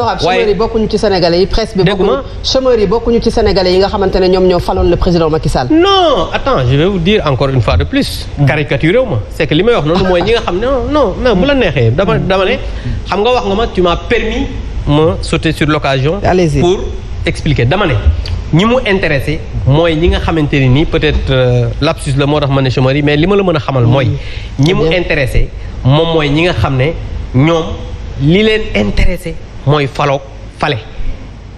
honorable chômeurs yi bokkuñu ci sénégalais yi presse bi bokkuñu chômeurs yi bokkuñu ci sénégalais yi nga xamante ne ñoom ñoo faloon le président Macky Sall non attends je vais vous dire encore une fois de plus hmm. caricaturé ma c'est que li may wax noonu mooy ñi nga xam ne non non neexee dama dama xam nga wax nga ma tu m'as permis ma sauter sur l'occasion pour expliquer dama ñi mu intéressé mooy ñi nga xamante ne nii peut-être euh, lapsus la moo tax ma ne chômeurs mais li ma la mën a xamal mooy hmm. ñi mu intéressé moom mooy ñi nga xam ne ñoom li leen intéressé mooy faloog fale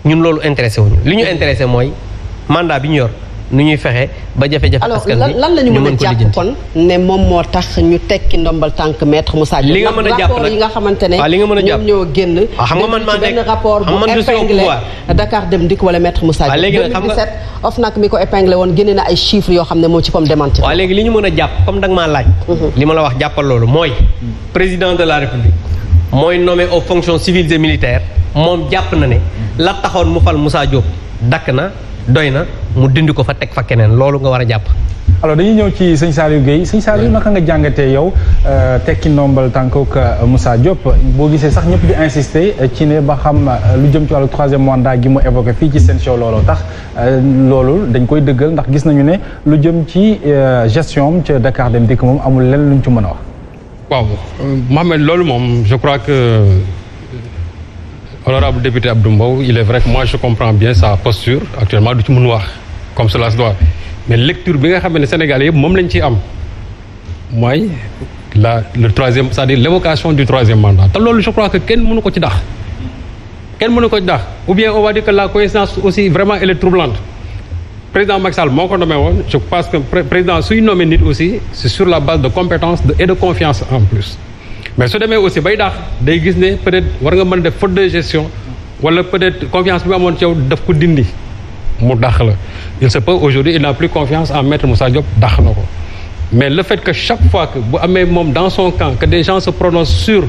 ñun loolu intéressé wuñu li ñu intéressé mooy mandat bi ñu yor ni ñuy fexe ba jafe-jafe. askan bi alors la ñu mën a jàpp kon ne moom moo tax ñu tekki ndombal tànk maître mu Diop. li nga mën a jàpp nag li nga xamante li nga mën a jàpp ñoom ñoo génn. Ah, man maa nekk benn rapport bu épinglé Dakar Dem Dikk wala maître Moussa Diop. woon génne na ay chiffres yoo xam ne moo ci comme démenti. li ñu mën a jàpp comme danga maa laaj. Mhm. li ma la wax jàppal loolu mooy président de la république mooy nommé aux fonctions civiles et militaires moom jàpp na ne la taxoon mu fal Moussa Diop dakk na doy na mu dindi ko fa teg fa keneen loolu nga war a jàpp alors dañuy ñëw ci sëñ Saliou Guèye sëñ Saliou naka nga jàngatee yow euh, tekki ndombal tànkook euh, Moussa Diop boo gisee sax ñëpp di insister euh, ci ne ba xam lu jëm ci wàllu troisième mandat gi mu évoqué fii ci seen show looloo tax loolu dañ koy dëggal ndax gis nañu ne lu jëm ci gestion am ca Dakar Dem Dikk moom amul lenn luñ ci mën a wax waaw Mohamed loolu moom je crois que honorable député Abdou Mbow il est vrai que moi je comprends bien sa posture actuellement du ci mun wax comme cela se doit mais lecture bi nga xam ne sénégal yëpp moom lañu ciy am mooy la le troisième c'est-à-dire l'évocation du troisième mandat te loolu je crois que kenn mënu ko ci dax kenn mënu ko ci dax ou bien on va dire que la coïncidence aussi vraiment elle est président Macky moo ko nommé woon je pense que président suy nommé nit aussi c'est sur la base de compétence et de confiance en plus mais su demee aussi bay daax day gis ne peut-être war nga mën a def faute de gestion wala peut-être confiance bi mu amoon ci yow daf ko dindi mu dàq la il se peut aujourd'hui il n'a plus confiance en maître Moussa Diop dàq na ko mais le fait que chaque fois que bu amee moom dans son camp que des gens se prononcent sur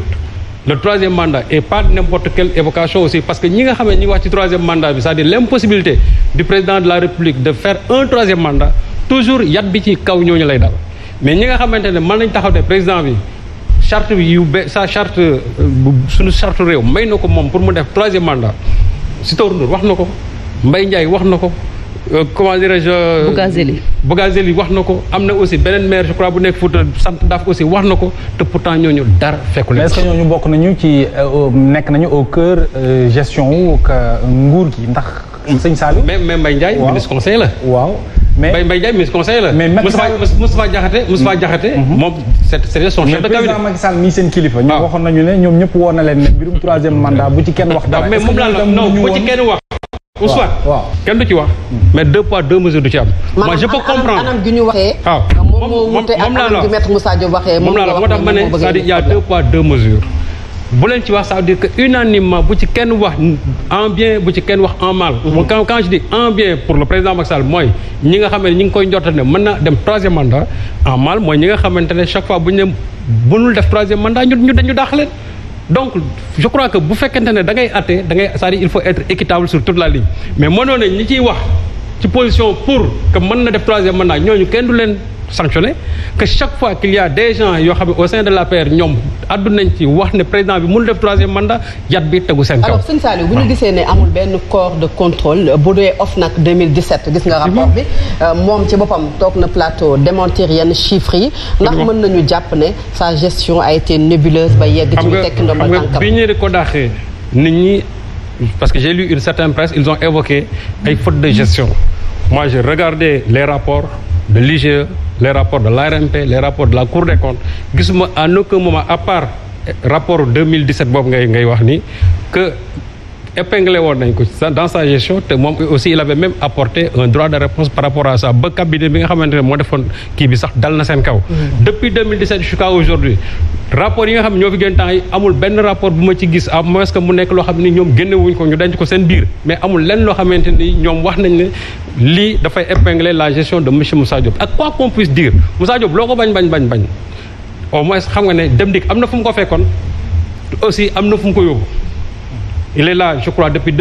le troisième mandat et pas n'importe quelle évocation aussi parce que ñi nga xam ne ñi wax ci troisième mandat bi c'est-à-dire l'impossibilité du président de la république de faire un troisième mandat toujours yat bi ci kaw ñooñu lay dal mais ñi nga xamante ne mën nañ taxaw ne président bi charte bi yu be sa charte suñu charte réew may na ko moom pour mu def troisième mandat si Sitor Ndour wax na ko Mbaye Ndiaye wax na ko Euh, comment dirais-je. Euh, Bougazelli. Bougazelli wax na ko am na aussi beneen maire je crois bu nekk Fouta sant daaf aussi wax na ko te pourtant ñooñu dara fekku leen. est-ce que ñooñu bokk nañu ci euh, nekk nañu au cœur gestion wu nguur gi ndax. sëñ Saliou mais mais Mbaye Ndiaye. ministre la. waaw mais Mbaye Mbaye Ndiaye ministre la. mais Macky Sall Moustapha Diakhaté mhm. Mhm. moom c'est son chef de seen kilifa. ñoom ah. waxoon nañu ne ñoom ñëpp woon na leen ne mandat bu ci kenn wax ah, dara. mais moom laa la non bu ci ou soit kenn du ci wax. mais deux poids deux mesures du ci am. moi je peux comprendre anam ñu ah. waxee. moom laa la wax moo tax ma ne c'est-à-dire deux poids deux mesures. bu leen ci wax ça veut que unanimement bu ci kenn wax en bien bu ci kenn wax en mal. Mhm. quand quand je dis en bien pour le président Macky Sall mooy ñi nga xam ne ñi ngi koy njortal ne mën na dem troisième mandat en mal mooy ñi nga xamante ne chaque fois bu ñu ne mënul def troisième mandat ñu ñu donc je crois que bu fekkente ne da ngay atte da ngay c'est-à-dire il faut être équitable sur toute la ligne mais mënoon nañ ñi ciy wax ci position pour que mën na def troisième mandat ñooñu kenn du leen sanctionné que chaque fois qu'il y a yoo xam ne au sein de l'APR ñoom addu nañ ci wax ne président bi mënul def troisième mandat yat bi tegu seen kaw. alors sëñ Saliou bu ñu gisee ne amul benn corps de contrôle bu dee OFNAC 2017 gis nga rapport bi euh, moom ci boppam toog na plateau démentir yenn chiffres yi. ndax mën nañu jàpp ne sa gestion a été nébuleuse ba yegg. ci mu tekki ndombal tànkam bi ñu ko daaxee nit ñi que j'ai lu une certaine presse ils ont évoqué de l'IGE les rapports de l'ARMP les rapports de la Cour des comptes gisuma à aucun moment à part rapport 2017 boobu ngay ngay wax nii que épinglé woon nañ ko dans sa gestion te moom aussi il avait même apporté un droit de réponse par rapport à ça ba cabinet bi nga xamante ne moo defoon kii bi sax dal na seen kaw mm-hmm. depuis 2017 jusqu'à aujourd'hui rapport xam ne ñoo fi gën temps yi amul benn rapport bu mu nekk loo xam ne ñoom génnewuñ ko ñu denc ko seen biir mais amul lenn loo xamante ni ñoom wax nañ ne lii dafay épingler la gestion de monsieur Moussa Diop ak quoi qu'on puisse dire Moussa loo ko bañ bañ bañ bañ au xam nga ne dem dik am na fu mu ko fekkoon aussi am na fu mu ko yóbbu il est je crois depuis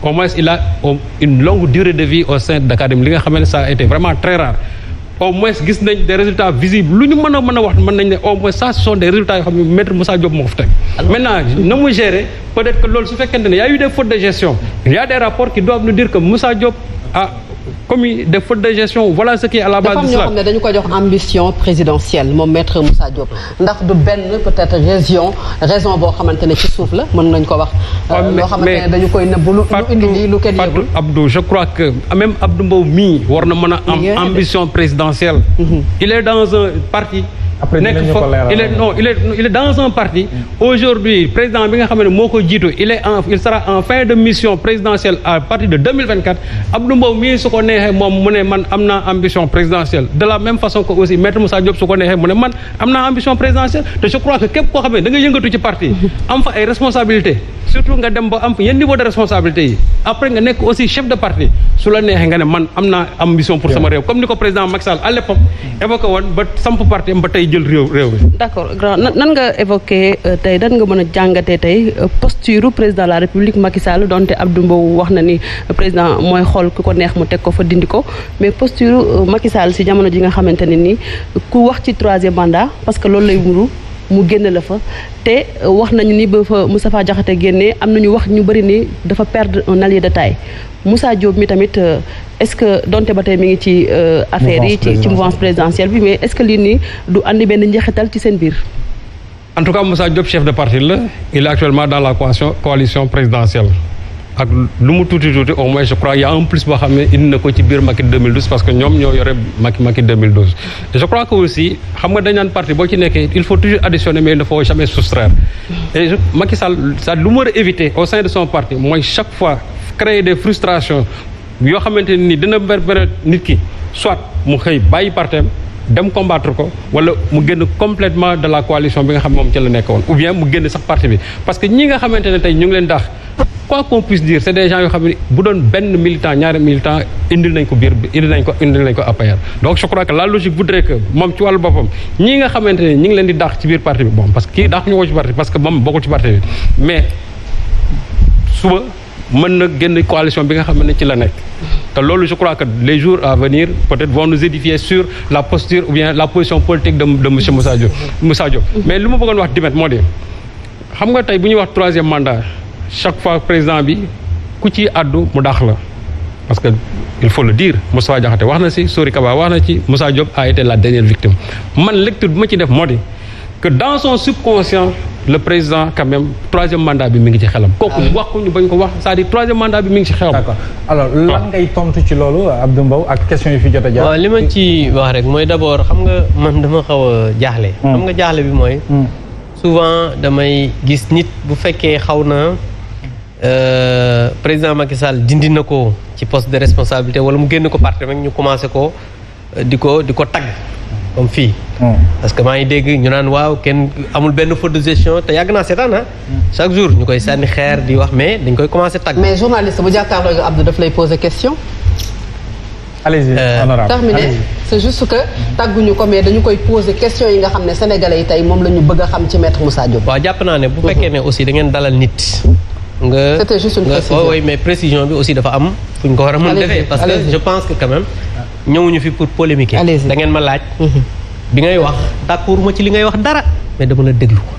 ou au moins il a une longue durée de vie au sein de l'académie li nga xam ne ça vraiment très rare au moins gis nañ des résultats visibles lu ñu mën a mën a wax mën nañ ne au moins ça ce sont des yoo xam ne maître Moussa moo ko teg maintenant na mu gérer peut-être que loolu su fekkente ne y a eu de gestion il y a qui doivent nous dire que Moussa Diop a commis des fautes de gestion voilà ce qui est à la base de cela dafa am ñoo xam ko jox ambition présidentielle moom maître Moussa Diop du benn peut-être raison raison boo xamante ne ci suuf la mën nañ ko wax euh, loo xamante ne dañu koy nëbb lu indi lii lu kenn yëgul Abdou je crois que même Abdou Mbow mii war na mën a am ambition présidentielle il est dans un parti après nekk fa il est non il est il dans un parti. aujourd'hui président bi nga xam ne moo ko jiitu il est en il sera en fin de mission présidentielle à partir de 2024 Abdou Mbow mii su ko neexee moom mu ne man am naa ambition présidentielle de la même façon que aussi maître Moussa Diop su ko neexee mu ne man am naa ambition présidentielle te je crois que képp koo xam ne da nga yëngatu ci parti am fa ay responsabilités. surtout nga dem ba am yenn niveau de responsabilité yi après nga nekk aussi chef de parti su la neexee nga ne man am naa ambition pour sama réew comme ni ko président Macky Sall à l'époque évoqué woon ba samp parti am ba tey jël réew réew mi d'accord grand nan nga évoqué euh, tey dan nga mën jàngatee tey euh, posture président la république Macky Sall donte Abdou Mbow wax na ni euh, président mooy xool ku ko neex mu teg ko fa dindi ko mais posture Macky Sall si jamono ji nga xamante ne ni ku wax ci troisième mandat parce que loolu lay muru mu génne la fa te euh, wax nañu ni ba fa Moustapha jaxate génnee am na ñu wax ñu bëri ni dafa perdre un allié de taille Moussa Diop mi tamit euh, est-ce que donte ba tey mi ngi ci euh, affaire yi ci ci mouvance présidentielle bi mais est-ce que lii nii du andi benn njeexital ci seen biir en tout cas Moussa Diop chef de parti la il est actuellement dans la coalition coalition présidentielle ak lu mu tuuti tuuti au moins je crois y' a plus boo xam ne indi na ko ci biir Macky 2012 parce que ñoom ñoo yore Macky Macky 2012. je crois que aussi xam nga dañ naan parti boo ci nekkee il faut toujours additionner mais il ne faut jamais soustraire et Macky Sall ça lu mu a éviter au sein de son parti mooy chaque fois créer des frustration yoo xamante ni dina bérébéré nit ki soit mu xëy bàyyi parteem dem combattre ko wala mu génn complètement de la coalition bi nga xam moom ci la nekk woon ou bien mu génn sax parti bi parce que ñi nga xamante ne tey ñu ngi leen dax quoi qu'on puisse dire c'est des gens yoo xam ne bu doon benn militant ñaari militant indil nañ ko biir indil nañ ko indil nañ ko APR donc je crois que la logique voudrait que moom ci wàllu boppam ñi nga xamante ne ñi ngi leen di dàq ci biir parti bi bon parce que kii dàq ñu ko ci mën na génn coalition bi nga xam ne ci la nekk te loolu je crois que les jours à venir peut-être vont nous édifier sur la posture ou bien la position politique de de monsieur Moussa Diop mais lu ma bëggoon wax dimet moo di xam nga tey bu ñuy wax troisième mandat chaque fois président bi ku ci àddu mu daax la parce que il faut le dire Moussa Diakhaté wax na si Sori Kaba wax na ci Moussa Diop a été la dernière victime man lecture bi ma ci def moo di que dans son subconscient le président quand même troisième bi mi ngi ci xelam. Ah kooku waxuñu bañ ko wax saa à dire troisième bi mi ngi ci xelam. d'accord alors lan ah. ngay tontu ci loolu Abdou mbaw ak question yi fi jot a jaar. li ma ci wax rek mooy d'abord xam nga man dama xaw a jaaxle. Hmm. xam nga jaaxle bi mooy. Hmm. souvent damay gis nit bu fekkee xaw na euh, président Macky Sall dindi na ko ci poste de responsabilité wala mu génn ko parti rek ñu commencé ko euh, di ko di ko tagg. comme fii. Hmm. parce que maa ngi dégg ñu naan waaw kenn amul benn faute de gestion te yàgg naa seetaan ah. hmm. chaque jour ñu koy sànni xeer di wax mais dañ koy commencé tàgg. mais journaliste bu jàkkaarloo nga Abdou daf lay poser question. allez-y euh, honorable terminé c'est juste que tàgguñu ko mais dañu koy poser question yi nga xam ne sénégalais yi tey moom lañu bëgg a xam ci maître Moussa Diop. waaw jàpp naa ne bu fekkee ne aussi da ngeen dalal nit. nga c'était juste une précision bi aussi dafa am. fu ñu ko war a mën defee parce que je pense que quand même. ñëwuñu fi pour polémiquer da ngeen ma laaj mhm. bi ngay wax d'accord ma ci li ngay wax dara mais dama la déglu ko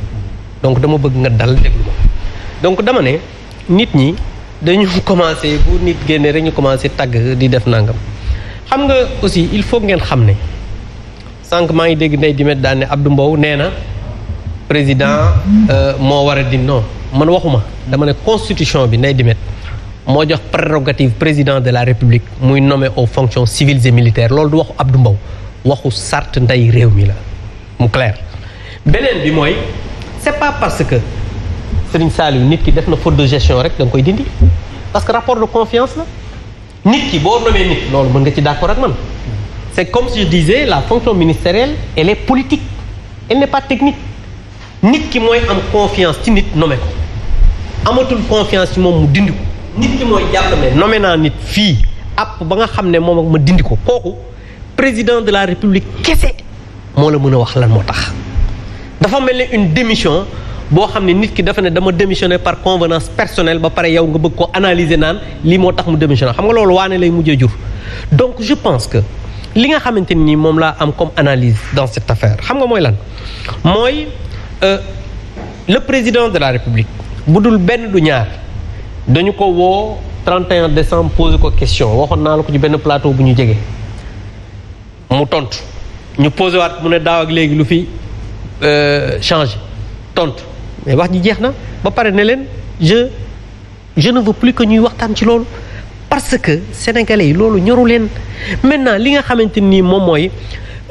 donc dama bëgg nga dal déglu ko donc dama ne nit ñi dañu commencé bu nit génnee rek ñu commencé tàgg di def nangam xam nga aussi il faut ngeen xam ne sànq maa ngi dégg nday Dimet daan ne Abdou Mbow nee na président euh, moo war a di non man waxuma dama ne constitution bi Ndeye Dimet moo jox prérogative président de la république muy nommé aux fonctions civiles et militaires loolu du waxu Abdou Mbow waxu sart ndey réew mi la mu clair beneen bi mooy c'est pas parce que Serigne Saliou nit ki def na faute de gestion rek da koy dindi parce que rapport de confiance la nit ki boo nommé nit loolu mën nga ci d'accord ak man c'est comme si je disais la fonction ministérielle elle politique elle n'est pas technique nit ki mooy am confiance ci nit nommé ko amatul confiance moom mu dindi ko nit ki naa nit fii app ba nga xam ne moom ak ma dindi ko kooku président de la république kese moo la mën a wax lan moo tax dafa mel ni une démission boo xam ne nit ki dafa ne dama démissionné par convenance personnel ba pare yow nga bëgg ko analyser naan lii moo tax mu démissionné xam nga loolu waane lay mujjee jur donc je pense que li nga xamante ni moom laa am comme analyse dans cette affaire xam nga mooy lan mooy euh, le président de la république bu dul benn du ñaar dañu ko woo 31 décembre posé ko question waxoon naa la ko ñu benn plateau bu ñu jege mu tontu ñu posé waat mu ne daaw ak léegi lu fi euh, change tontu mais wax ji jeex na ba pare ne leen je je ne veux plus que ñuy waxtaan ci loolu parce que sénégalais yi loolu ñoru leen maintenant li nga xamante nii moom mooy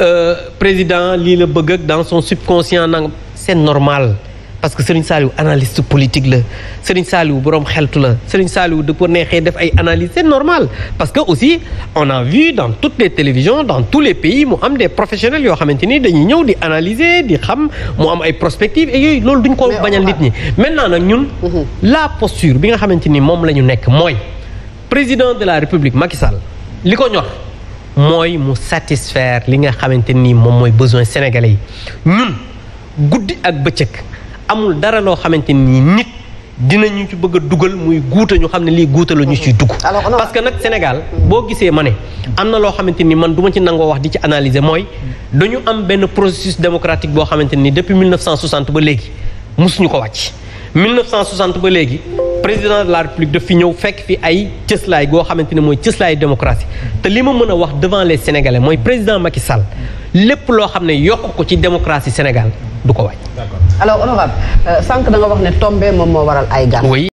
euh, président lii la bëgg ak dans son subconscient nag c'est normal parce que Serigne Saliou analyste politique la Serigne Saliou borom xeltu la Serigne Saliou da ko neexee def ay analyse c'est normal parce que aussi on a vu dans toutes les télévisions dans tous les pays mu am de professionnels yoo xamante ni dañuy ñëw di analyser di xam mu am ay prospectives et yooyu loolu duñ ko bañal nit ñi maintenant nag ñun mhm. la posture bi nga xamante ni moom la ñu nekk mooy président de la République Macky Sall li ko ñor mooy mu satisfaire li nga xamante ni moom mooy besoin sénégalais guddi ak bëccëg amul dara loo xamante ni nit dinañu ci bëgg a dugal muy guuta ñu xam ne lii guuta la ñu ciy dugg parce que nag Sénégal boo gisee ma ne am na loo xamante ni man duma ci nangoo wax di ci analyser mooy dañu am benn processus démocratique boo xamante ni depuis 1960 ba léegi musuñu ko wàcc 1960 ba léegi président de la république daf fi ñëw fekk fi ay cëslaay goo xamante ne mooy cëslaay démocratie te li ma mën a wax devant les sénégalais mooy président Macky Sall lépp loo xam ne yokk ko ci démocratie Sénégal du ko wàññi. d'accord alors honorable euh, sànq da nga wax ne tombé moom moo waral ay gan.